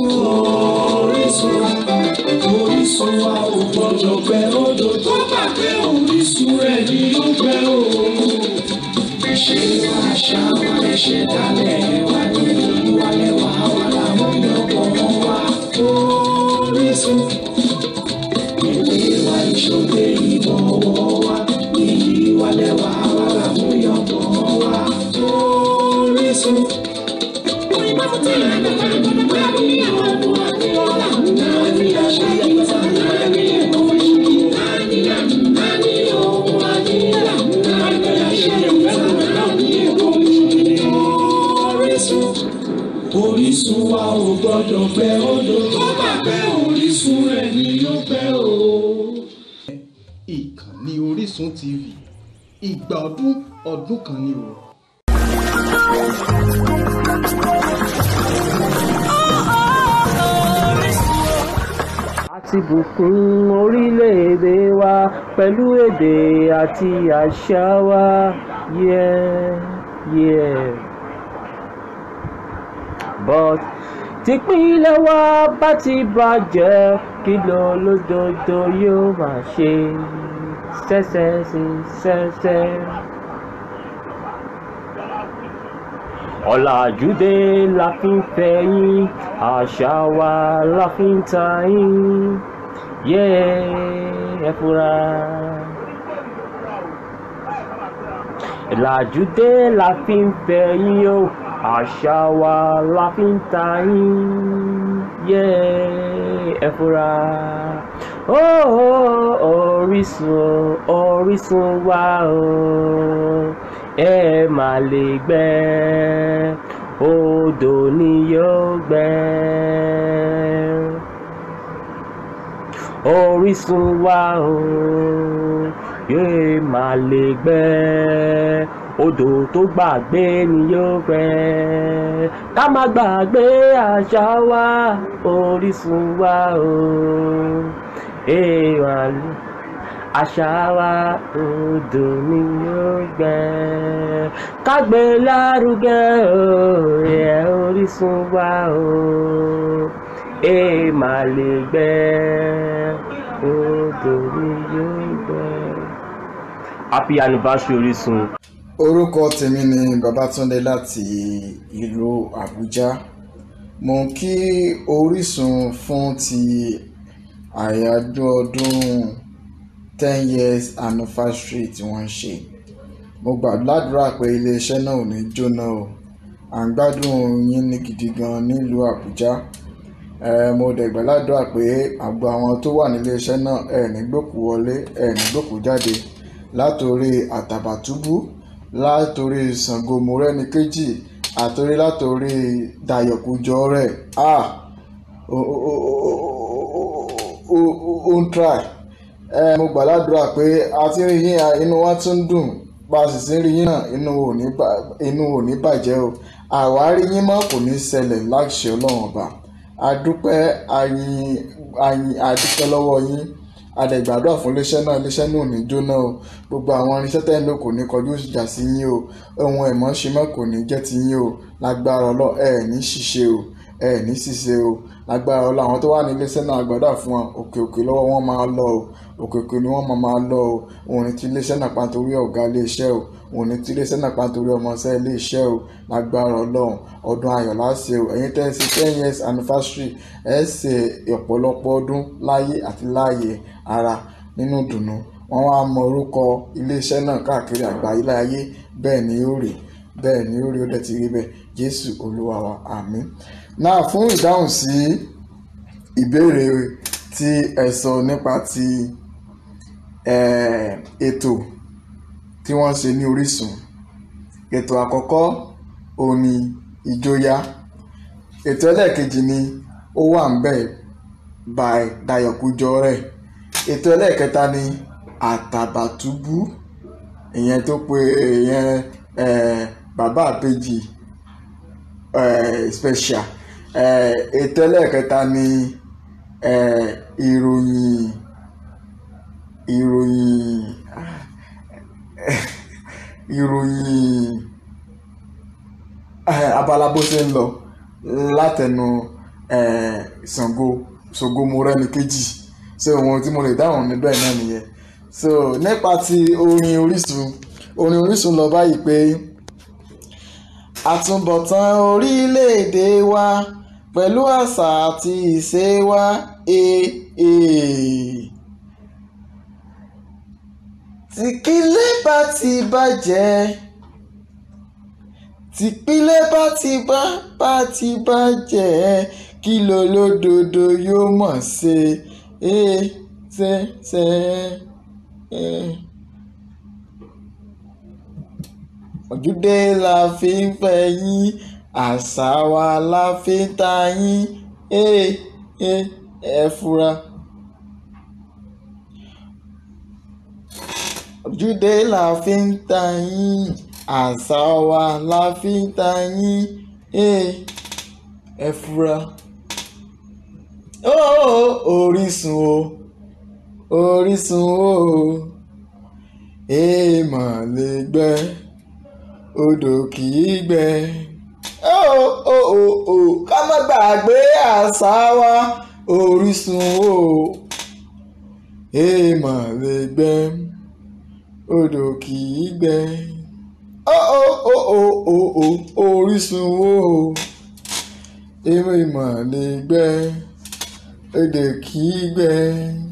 orísun orísun orísun wa ò gbọdọ̀ pẹ́ odò tó bá pé orísun rẹ̀ ni ó pẹ́ o. ṣé àṣà wa orísun wa ò gbọ́dọ̀ pẹ́ odò tó bá pẹ́ orísun rẹ̀ ni yóò pẹ́ o. ìkànnì Orísun TV ìgbà ọdún ọdún kan ni o. àti orílẹ̀-èdè wa pẹ̀lú èdè àti àṣà wa yẹ́ẹ́ yẹ́ẹ́ but típínlẹ̀ wa bá ti bàjẹ́ kí ló lódodo yóò máa ṣe ṣẹ́ṣẹ́ sí ṣẹ́ṣẹ́. ọ̀làjú dé la fi ń fẹ́ yín àṣà wa la fi ń ta yín yéé ẹ fura. ìlàjú dé la fi ń fẹ́ yín yóò àṣà wa la fi ń ta yín yé ẹ fura. Orísun Orísun wa o ẹ má lè gbẹ odò ni yóò gbẹ. Orísun wa o yóò má lè gbẹ odò tó gbàgbé ni yóò fẹ́ ká má gbàgbé àṣà wa orísun wa o èèyàn àṣà wa odò ni yóò gbẹ ká gbé lárugẹ òòyẹ orísun wa o èèmà lè gbẹ odò ni yóò gbẹ. happy anniversary orísun orúkọ tèmi ni Babátúndé láti ìlú abuja, mo ń kí Orísun fún ti àyájọ́ ọdún ten years anniversary tí wọ́n ń ṣe mo gbàdúrà pé iléeṣẹ́ náà ò ní jóná o à ń gbádùn yín ní gidi gan nílùú Àbújá mo dẹ̀ gbàdúrà pé àgbo àwọn tó wà níléeṣẹ́ náà ẹ̀ ní gbòkú wọlé ẹ̀ ní gbòkú jáde látòrí Àtàbàtúbú látòrí sango mọ́rẹ́nìkejì àtòrí látòrí dayọ̀ kújọ rẹ̀ ah o ń try mo gbàdúrà pé a ti rí yín inú wa tún dùn bá a sì ti rí yín náà inú ò ní bàjẹ́ o àwárí yín mọ́ kò ní ṣẹlẹ̀ láṣẹ ọlọ́run ọba a dúpẹ́ àyìn àdúpẹ́ lọ́wọ́ yín adẹ̀gbàdúrà fún iléeṣẹ́ náà iléeṣẹ́ náà ò ní jóná o gbogbo àwọn irinṣẹ́ tẹ́ kò ní kọjú ìjà sí yín o ohun ẹ̀mọ́ ṣe mọ́ kò ní jẹ́ ti yín o lágbára ọlọ́ ẹ ní ṣìṣe o ẹ ní ṣìṣe o lágbára ọlọ́ àwọn tó wà ní iléeṣẹ́ náà àgbàdúrà fún wọn òkè òkè lọ́wọ́ wọn máa lọ o òkè òkè ni wọ́n máa lọ o òun iléeṣẹ́ náà pàtó orí ọ̀gá iléeṣẹ́ o òní tí iléeṣẹ́ náà pàtórí ọmọọṣẹ́ iléeṣẹ́ o lágbára ọlọ́run ọdún ayọ̀ láṣẹ o ẹ̀yin tẹ́ ẹ ṣe ten years anniversary ẹ ṣe ọ̀pọ̀lọpọ̀ ọdún láyé àti láàyè ara nínú ìdùnnú wọ́n wá mọ orúkọ iléeṣẹ́ náà káàkiri àgbáyé láyé bẹ́ẹ̀ ni ó rè bẹ́ẹ̀ ni ó rè ó dẹ̀ ti rí bẹ́ẹ̀ jésù olúwa wa àmín. náà fún ìdáhùn sí ìbéèrè tí ẹ sọ nípa ti ètò tí wọ́n ṣe ní Orísun. Ètò àkọ́kọ́ òun ni ìjóyà. Ètò ẹlẹ́ẹ̀kejì ni ó wà ń bẹ̀ by Dayọ̀ Kujore. Ètò ẹlẹ́ẹ̀kẹta ni Àtàbàtúbú ìyẹn tó pe ìyẹn bàbá àbèjì special. Ètò ẹlẹ́ẹ̀kẹta ni ìròyìn ìròyìn ìròyìn eh, abala bó ṣe ń lọ látẹnu eh, Ṣàngó Ṣògo Mọ́rẹ́níkẹ́jì so ohun tí mo lè dáhùn níbẹ̀ náà nìyẹn so nípa ti orin Orísun orin Orísun lọ báyìí pé àtúbọ̀tán orílẹ̀-èdè wa pẹ̀lú àṣà àti ìṣe wa ee. Eh, eh tìpilẹ̀ bá ti bàjẹ́ tìpilẹ̀ bá ti bá bá ti bàjẹ́ kí lolódodo yóò mọ̀ ṣe é ṣe ṣe é. ojúde la fi ń fẹ́ yín àṣà wa la fi ń ta yín ẹ ẹ fura. Jude la fi ń ta yín àṣà wa la fi ń ta yín ẹ fura orísun o orísun o èèmọ̀ lè gbẹ odò kì í gbẹ ká má gbàgbé àṣà wa orísun o èèmọ̀ lè gbẹ. odò kì í gbẹ oh, oh, oh, orísun wo ewé mà lè gbẹ odò kì gbẹ.